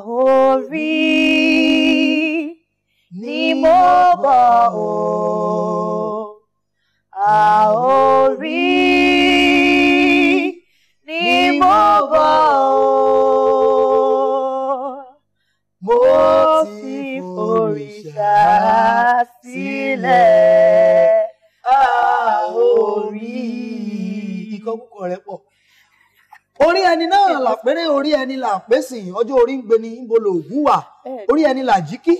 orí ni mo bọ̀ o a orí ni mo bọ̀ o mo ti foríṣà sílẹ̀ a orí. ikọ̀ púpọ̀ rẹ̀ pọ̀ orí ẹni náà làpẹ́rẹ́ orí ẹni làpẹ́sì ọjọ́ orí ń gbé ni ń bolo ògún wà orí ẹni làjíkí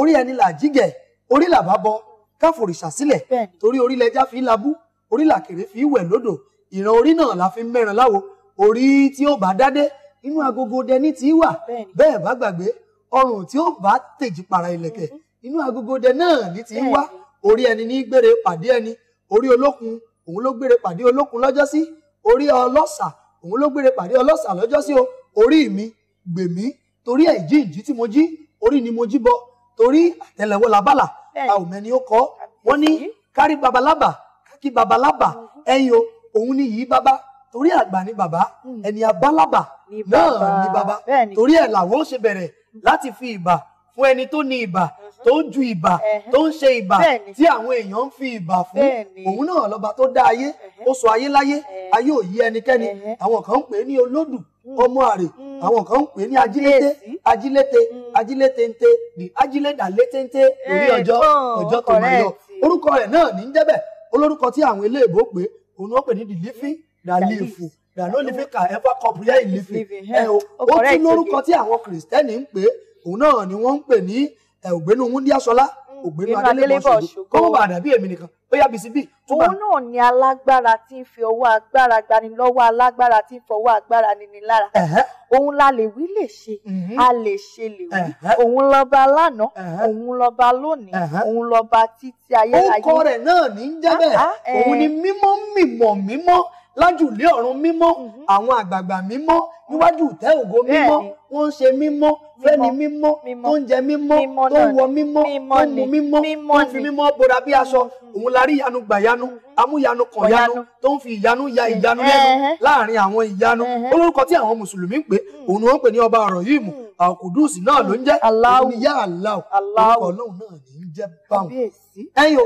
orí ẹni làjígẹ̀ orí làbábọ káfòrìṣà sílẹ̀ torí orílẹ̀ ẹja fi ń labú orí làkèrè fi ń wẹ̀ lódò ìran orí náà la fi ń mẹ́ran láwo orí tí ó bá dádé inú agogo dẹni tí wà bẹ́ẹ̀ bá gbàgbé ọrùn tí ó bá tèjì para ìlẹ̀kẹ̀ mm-hmm. inú agogo dẹ náà ní ti wá orí ẹni ní gbére pàdé ẹni orí olókun òun ló gbére pàdé olókun lọ́jọ́sí orí ọlọ́sà òun ló gbére pàdé ọlọ́sà lọ́jọ́sí o orí mi gbèmí torí ẹ̀ jí ìjí tí mo jí orí ni mo jí bọ torí àtẹ́lẹwọ́ labala a ò mẹ́ni ó kọ́ wọ́n ní kárí babalábà kákí babalábà ẹ̀yin o òun ni yìí bàbá torí àgbà ni bàbá hmm. ẹni abálábà náà ni bàbá torí ẹ̀ làwọn ó ṣe bẹ̀rẹ̀ láti fi ìbà fún ẹni tó ní ibà uh-huh. tó ń ju ibà uh-huh. tó ń ṣe ibà tí àwọn èèyàn ń fi ibà fún òun náà lọba tó dá ayé uh-huh. ó sọ ayé láyé ayé ò yí ẹnikẹ́ni àwọn kan ń pè é ní olódù mm. ọmọ àrè mm. àwọn kan ń pè é ní ajílété ajílété mm. ajílétéńté ní ajílédàlétéńté orí ọjọ́ ọjọ́ tó máa yọ orúkọ rẹ̀ náà ní ń jẹ́bẹ̀ olórúkọ tí àwọn eléèbó pè òun ó pè ní the living the live the no living can ever comprehend living ẹ eh, o oh, ó tún lórúkọ tí àwọn kìrìsìtẹ́nì ń pè òun náà ni wọ́n ń pè ní eh, ògbénu wúndíásọlá ògbénu adélébọ̀ṣogo kọ́mọ̀bà àdàbí èmi nìkan ó yá bìsí bì. òun náà ni alágbára tí ń fi ọwọ́ agbára gbani lọ́wọ́ alágbára tí ń fọwọ́ agbára nini lára. òun la lè wí lè ṣe mm-hmm. a lè ṣe lè wí òun lọ́ba lánàá òun lọ́ba lónìí òun lọ́ba títí ayérayé. ó kọ rẹ̀ náà ní jẹ́ bẹ́ẹ̀ ah, ah, eh. òun ni mímọ́ mímọ́ mímọ́ lájùlé ọ̀run mímọ́ mhm. àwọn àgbààgbà mímọ́ oh. níwájú ìtẹ́ ògo mímọ́ wọ́n ń ṣe mímọ́ fẹ́ni mímọ́ tó ń jẹ mímọ́ tó ń wọ mímọ́ tó ń mu mímọ́ tó ń fi mímọ́ bora bí aṣọ mhm. òun la rí ìyanu gbà yanu mhm. amúyanu kàn yanu tó ń fi ìyanu ya eh, ìyanu lẹ́nu eh. láàrin àwọn ìyanu eh. olórúkọ tí àwọn mùsùlùmí ń pè hmm. òun wọ́n ń pè ní ọba ọ̀rọ̀ yìí mù hmm. àkùdùsì náà ló ń jẹ́ òun ìyá aláwọ̀ orúkọ ọlọ́run náà ní í jẹ́ báwọn ẹ̀yìn o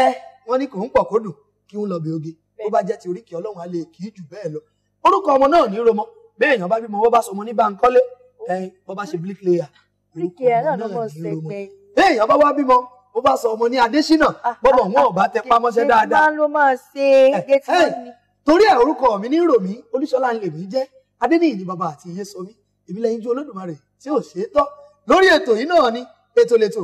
ẹ wọ́n ní kò ń pọ̀ kó dùn kí wọ́n lọ bí oge bó bá jẹ́ ti oríkì ọlọ́run á lè kì í jù bẹ́ẹ̀ lọ orúkọ ọmọ náà ní romọ bẹ́ẹ̀ èèyàn bá bímọ bó bá sọmọ ní Bánkọ́lé ẹyin bó bá ṣe bricklayer orúkọ ọmọ náà ní romọ bẹ́ẹ̀ èèyàn bá wá bímọ bó bá sọ ọmọ ní Adésínà bọ́bọ̀ wọn ò bá tẹ pamọ́ṣẹ́ dáadáa torí ẹ̀ orúkọ mi ní ròmí Olúṣọlá ń lè mí jẹ́ Adéníyì ni bàbá àti ìyẹn sọ mí èmi lẹ́yìn ju Olódùmarè tí ò ṣeé tọ́ lórí ètò yìí náà ni ètò lẹ́tò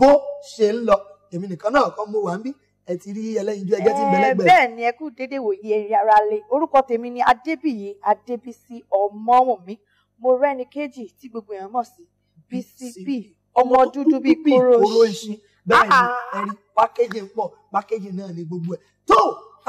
bó ṣe ń lọ èmi nìkan náà kọ́ mo wà ń bí ẹ ti rí ẹlẹ́yinjú ẹgẹ́ tí ń eh, bẹ́ẹ̀ ni ẹ kú dédé wòye ẹ̀yin ará lé orúkọ tèmi ni adébíyí adébísí ọmọwùnmí mo rẹ́ni kejì tí gbogbo èèyàn mọ̀ sí bcp ọmọ dúdú bíi kóró ìṣin bẹ́ẹ̀ ni ah, ah. ẹ̀rí pákéjì ń pọ̀ pákéjì náà ni gbogbo ẹ̀ tó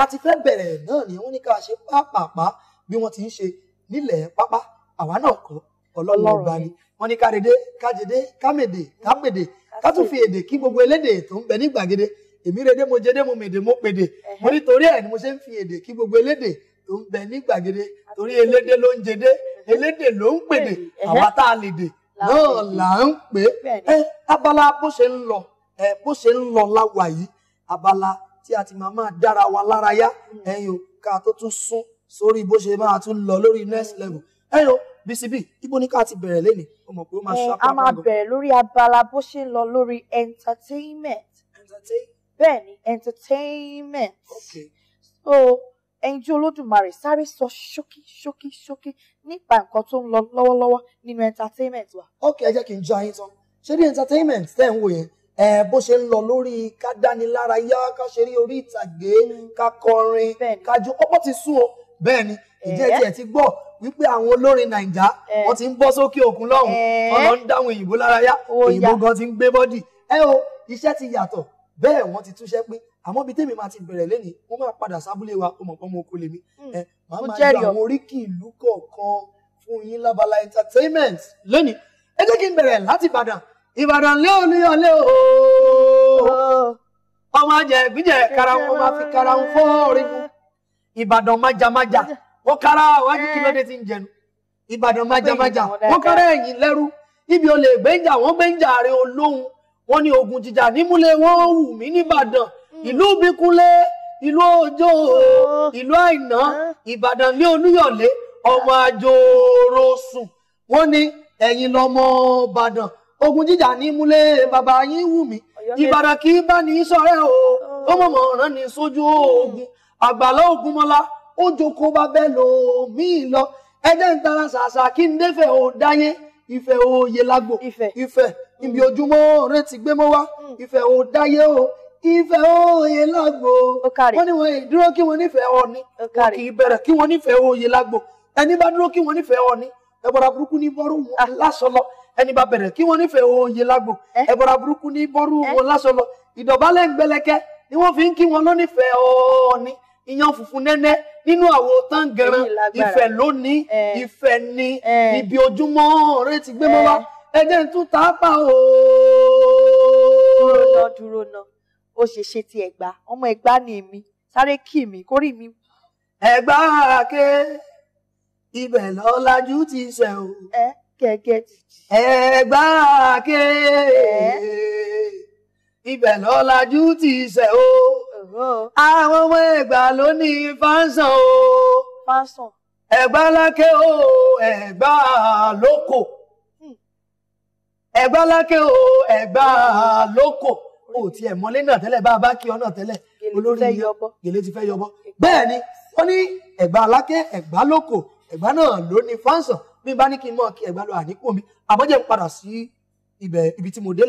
a ti fẹ́ bẹ̀rẹ̀ náà ni wọ́n ní ká ṣe pápápá bí wọ́n ti ń ṣe nílẹ̀ pápá àwa náà kọ́ ọlọ́run ọba ni wọ́n ní ká dédé ká dédé ká mèdè ká mèdè ká tún fi èdè kí gbogbo elédè tó ń bẹ ní gbàgede èmi rèdè mo jẹdé mo mèdè mo pèdè mo ní torí ẹ̀ ni mo ṣe ń fi èdè kí gbogbo elédè tó ń bẹ ní gbàgede torí elédè ló ń jẹdé elédè ló ń pèdè àwa tá a lè dè náà là ń pè é abala bó ṣe ń lọ bó ṣe ń lọ láwa yìí abala tí a ti máa máa dára wa lárayá hmm. ẹ̀yin o ká tó tún sún sórí bó ṣe máa tún lọ lórí next hmm. level ẹ̀yin o bcb ibo ni ká ti bẹ̀rẹ̀ lẹ́nìí o mọ̀ pé ó máa ṣàpàpàgọ́. a máa bẹ̀rẹ̀ lórí abala bó ṣe ń lọ lórí entertainment. entertainment bẹ́ẹ̀ ni entertainment. so ẹnjú olódùmarè sáré sọ ṣókí ṣókí ṣókí nípa nǹkan tó ń lọ lọ́wọ́lọ́wọ́ nínú entertainment wa. ok ẹ jẹ́ kí n já yín tán ṣé ní entertainment tẹ́ ń wò yẹn bó ṣe ń lọ lórí ká dánilárayá ká ṣeré orí ìtàgé hmm. ká kọrin ká jó ọ̀pọ̀ ti sún o bẹ́ẹ̀ ni ìjẹ́ eh? tiẹ̀ ti gbọ́ wípé àwọn olórin nàìjà eh? wọ́n ti ń bọ́ sókè òkun lọ́hùn-ún eh? ọ̀nà ń dáhùn òyìnbó lárayá òyìnbó gan ti ń gbé bọ́dì ẹ o iṣẹ́ ti yàtọ̀ bẹ́ẹ̀ wọ́n ti túnṣẹ́ pé àmọ́ bíi tèmi máa ti bẹ̀rẹ̀ lẹ́nìí mo máa padà sábúlé wa o mọ̀ pé ọmọ oko lèmi hmm. ẹ màá máa gba àwọn oríkì ìlú kọ̀ọ̀kan fún yín lábala entertainment lónìí ẹ jẹ́ kí n bẹ̀rẹ̀ láti Ìbàdàn Ìbàdàn lé o ní ọlé o ọmọ ajẹ ìbíjẹ karahun máa fi karahun fọ́ orígun Ìbàdàn májàmájà wọ́n kára wájú kí lóde ti ń jẹnu Ìbàdàn májàmájà wọ́n kára ẹ̀yìn lẹ́rú ibi olè gbẹ́njà wọ́n gbẹ́njà rẹ̀ olóhun wọ́n ní ogun jíjà nímúlẹ̀ wọ́n wù mí nìbàdàn hmm. ìlú bíkúnlé ìlú òjò oh. ìlú àìná ìbàdàn lé olúyọ̀lé ọmọ àjòrò sùn wọ́n ní ẹ̀yin lọ́mọ ìbàdàn ogun jíjà nímúlẹ̀ bàbá yín wù mí ìbàdàn kì í bá ní ṣọ̀rẹ́ o ó oh. mọ̀mọ́ ràn ní sójú ogun àgbàlá ògúnmọ́lá ó jókòó bá bẹ́ẹ̀ lò mí lọ ẹjẹ́ ń tara ṣàṣà kí n o ò dáyé ìfẹ́ òye lágbo ìfẹ́ ibi ojúmọ́ rẹ ti gbé mọ́ wá hmm. ìfẹ́ ò dáyé o ìfẹ́ òye lágbo wọ́n ní wọ́n dúró kí wọ́n nífẹ̀ẹ́ ọ̀ní wọ́n kì í bẹ̀rẹ̀ kí wọ́n nífẹ̀ẹ́ òye lágbo ẹni bá dúró kí wọ́n nífẹ̀ẹ́ ọ̀ní ẹ̀bọ̀ra burúkú ní bọ́rú wọn ah. lásọlọ ẹni bá bẹ̀rẹ̀ kí wọ́n nífẹ̀ẹ́ òye lágbo eh? ẹ̀bọ̀ra burúkú ní bọ́rú eh? wọn lásọlọ ìdọ̀bálẹ̀ ń gbẹlẹ̀kẹ́ ni wọ́n fi ń kí wọn lónífẹ̀ẹ́ ọ̀ọ́ni iyán funfun nẹ́nẹ́ nínú àwo táǹgẹ̀rẹ̀ ìfẹ́ lónìí eh. ìfẹ́ ni ibi ojúmọ́ rẹ ti gbé mọ́ wá ẹ jẹ́ n tún ta pa o. dúró ná dúró ná ó ṣe ṣe ti ẹ̀gbá ọmọ ẹ̀gbá ni èmi sáré kì mí kórì mi. ẹ̀gbá àké ibẹ̀ lọ́lájú ti ṣẹ̀ o. ẹ kẹ̀kẹ́ ti jì. ẹ̀gbá àké ibẹ̀ lọ́lájú ti ṣẹ̀ o. àwọn ọmọ ẹ̀gbá ló ní fáńsàn o. fáńsàn. ẹ̀gbá lákè o ẹ̀gbá lóko. ẹ̀gbá lákẹ́ o ẹ̀gbá lóko o ti ẹ̀ mọ́lé náà tẹ́lẹ̀ bá a bá kí ọ náà tẹ́lẹ̀ olórí gèlè ti fẹ́ yọbọ bẹ́ẹ̀ ni ó ní ẹ̀gbá lákẹ́ ẹ̀gbá lóko ẹ̀gbá náà ló ní fáǹsàn bí bá ní kí n mọ̀ kí ẹ̀gbá lọ àníkù mi àbọ̀jẹ̀ ń padà ibi tí mo dé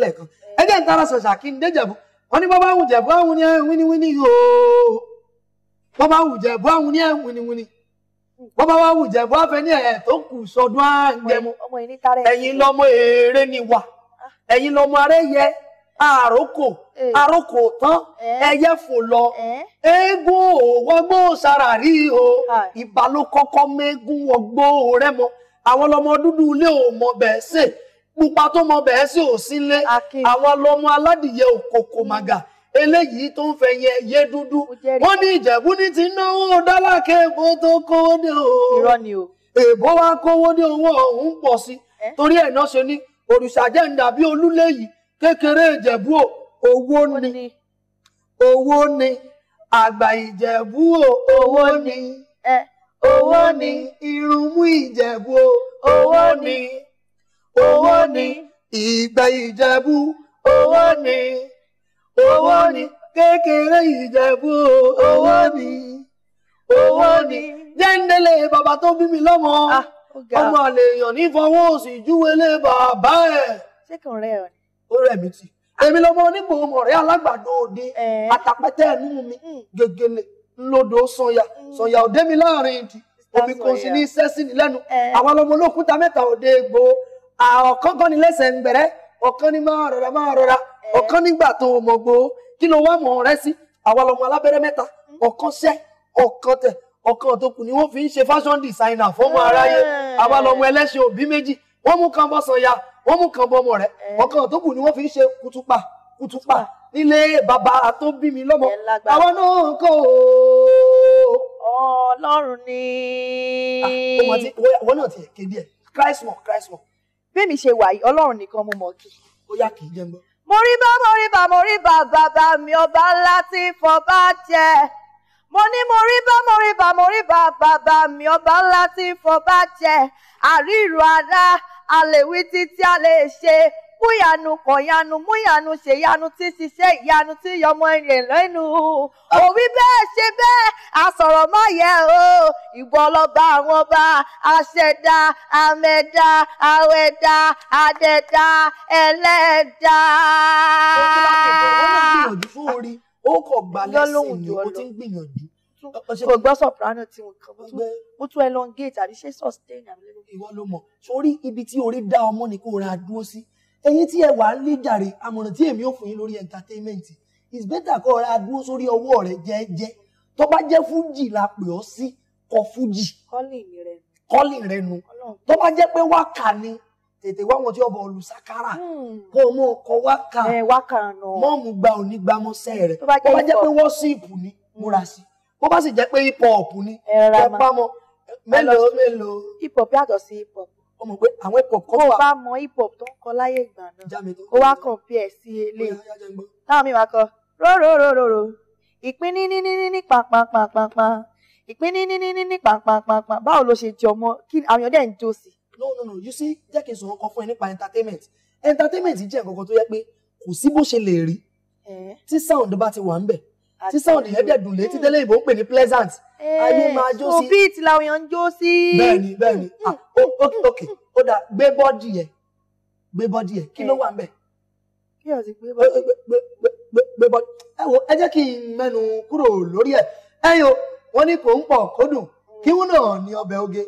tara kí n dé jẹ̀bú wọ́n ní bọ́ bá bọ́ bá wá wùjẹ́ bọ́ fẹ́ ní ẹ̀ tó kù sọdún àǹjẹmu ẹ̀yin lọ́mọ eré ni wà ah. ẹ̀yin lọ́mọ arẹ́yẹ àrókò àrókò tán ẹyẹ fò lọ eégún òwọ́gbó sàràrí o ìbà ló kọ́kọ́ mẹ́gún ọgbó rẹ mọ àwọn lọ́mọ dúdú ilé ò mọ bẹ́ẹ̀ sè pupa tó mọ bẹ́ẹ̀ sè ò sílé àwọn lọ́mọ aládìyẹ òkòkò màgà. eléyìí tó ń fẹ́ yẹ yé dúdú wọ́n ní ìjẹ̀bú ní ti náwó dálákẹ́ tó kówó dé o ni o èbó wa kówó dé owó ọ̀hún pọ̀ sí torí ẹ̀ náà ṣe ní òrìṣà jẹ́ ń dàbí olúlé yìí kékeré ìjẹ̀bú o ni owó ni àgbà ìjẹ̀bú o owó ni owó ni irunmú ìjẹ̀bú o ni owó ni ìgbà ìjẹ̀bú owó ni. owó ni kékeré ìjẹ̀bú owó ni owó ni jẹ́ńdẹ́lẹ̀ bàbá tó bí mi lọ́mọ ah, ọmọ àlè èèyàn ní fọwọ́ òsì ìjúwèlé bàbá ẹ̀. ṣé kò rẹ ọ. ó rẹ mi tì ah. èmi lọmọ onígbò mọ̀rẹ́ alágbàdo òde àtàpẹ́tẹ́ ẹ̀nú mi hmm. gègèlè ńlọdọ̀ sọ̀yà hmm. sọ̀yà òde mi láàrin ìdí omi kò sí ní sẹ́sì ní lẹ́nu àwọn ọmọ olókùúta mẹ́ta òde gbòó ọ̀kan kan ní lẹ́sẹ̀ ń bẹ̀rẹ̀ ọ̀kan ní máa rọra máa rọra ọ̀kan nígbà tó o mọ̀ gbòó kí ló wá mọ̀ rẹ sí àwa lọmọ alábẹ́rẹ́ mẹ́ta ọ̀kan ṣẹ́ ọ̀kan tẹ̀ ọ̀kan tó kù ni wọ́n fi ń ṣe fashion designer fọ́mọ aráyé àwa lọmọ ẹlẹ́ṣin òbí méjì wọ́n mú kan bọ́ sanya wọ́n mú kan bọ́ ọmọ rẹ̀ ọ̀kan tó kù ni wọ́n fi ń ṣe kutupa kutupa nílé bàbá tó bí mi lọ́mọ àwọn náà kò ọlọ́run ni. Ah, wọ́n náà ti kéde ẹ̀ christ mọ̀ christ mọ̀. bí mi ṣe wà yìí ọlọ́run nìkan mo mọ̀ kí. ó yà kì í jẹ́ ń mo rí bá mo rí bá mo rí bá bàbá mi ọba ńlá tí fọba jẹ mo ní mo rí bá mo rí bá mo rí bá bàbá mi ọba ńlá tí fọba jẹ àríro ara àlèwí títí a lè ṣe múyanu kọ̀yanu múyanu ṣèyanu tí ṣiṣẹ́ ìyanu tí yọmọ rẹ̀ lẹ́nu. òwí bẹ́ẹ̀ ṣe bẹ́ẹ̀ àsọ̀rọ̀ má yẹ o ìbọn lọ́ba àwọn ọba àṣẹ̀dá àmẹ̀dá àwẹ̀dá àdẹ̀dá ẹlẹ́dá. ó ń gbalẹ̀ sí ni ó ti ń gbìyànjú kò gbọ́ soprano tí mo kàn mo tún elongate àbí ṣe sustain àbí. ìwọ ló mọ̀ sórí ibi tí orí dá ọmọ ni ra dúró sí ẹ̀yin tí ẹ wà ń lé jàre àmọ̀ràn tí èmi ò fún yín lórí entertainment is better kọ́ ọ̀rẹ́ adúró sórí ọwọ́ rẹ jẹ́ẹ́jẹ́ tó bá jẹ́ fújì la pè ọ́ sí kọ fújì kọ́lì rẹ nu tó bá jẹ́ pé wákà ni tètè wá wọn tí ọbọ olùsákárà hmm. kó o mọ ọkọ wákà mọ́ọ̀mù gba òní gba mọ́sẹ́ rẹ tó bá jẹ́ pé wọ́ọ̀sìpù ni múra sí bó bá sì jẹ́ pé hip hop ni kẹ́pá mọ́ mélòó mélòó. hip hop yàtọ̀ sí hip hop ó mọ̀ pé àwọn hip hop kan wà. ó bá mọ hip hop tó ń kọ láyé ìgbà náà ó wá compare sí eléyìí táwọn mi wá kọ róróróróró ìpín ní ní ní ní ní pàpàpàpàpà ìpín ní ní ní ní ní pàpàpàpà báwo ló ṣe jọmọ kí no no no you see jẹ́ kí n sọ̀rọ̀ kan entertainment entertainment jẹ́ nǹkan kan tó yẹ pé sound bá ti tí sound yẹn dẹ̀ dùn létí tẹ́lẹ̀ ìbò ń pè ní pleasant eh, ayé máa jó sí. òbí ìtìlá òyàn ń jó sí. bẹ́ẹ̀ni bẹ́ẹ̀ni mm, ah, mm, mm, ok ok ó dà gbé bọ́ọ̀dì yẹn gbé bọ́ọ̀dì yẹn kí ló eh, wà ń bẹ̀. kí ọ̀sìn gbé bọ́ọ̀dì. gbé bọ́ọ̀dì ẹ wo ẹ jẹ́ kí n mẹ́nu kúrò lórí ẹ̀ ẹ̀yin o wọ́n ní kò ń pọ̀ kó dùn kí wọ́n náà ní ọbẹ̀ oge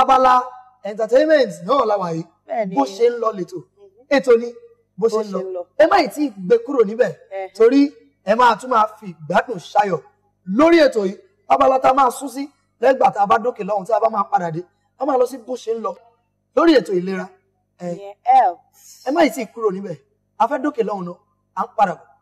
abala entertainment náà la wà yìí bó ṣe ń lọ lẹ́tọ̀ mm-hmm. ètò ni bó ṣe ń lọ ẹ má ì tí ì gbé kúrò níbẹ̀ eh. torí ẹ máa tún máa fi ìgbádùn ṣayọ̀ lórí ètò yìí abala tá a máa sún sí lẹ́gbàá tá a bá dókè lọ́hùn tí a bá máa padà dé a máa lọ sí bó ṣe ń lọ lórí ètò ìlera ẹ má ì tí ì kúrò níbẹ̀ a fẹ́ dókè lọ́hùn náà à ń padà bọ̀.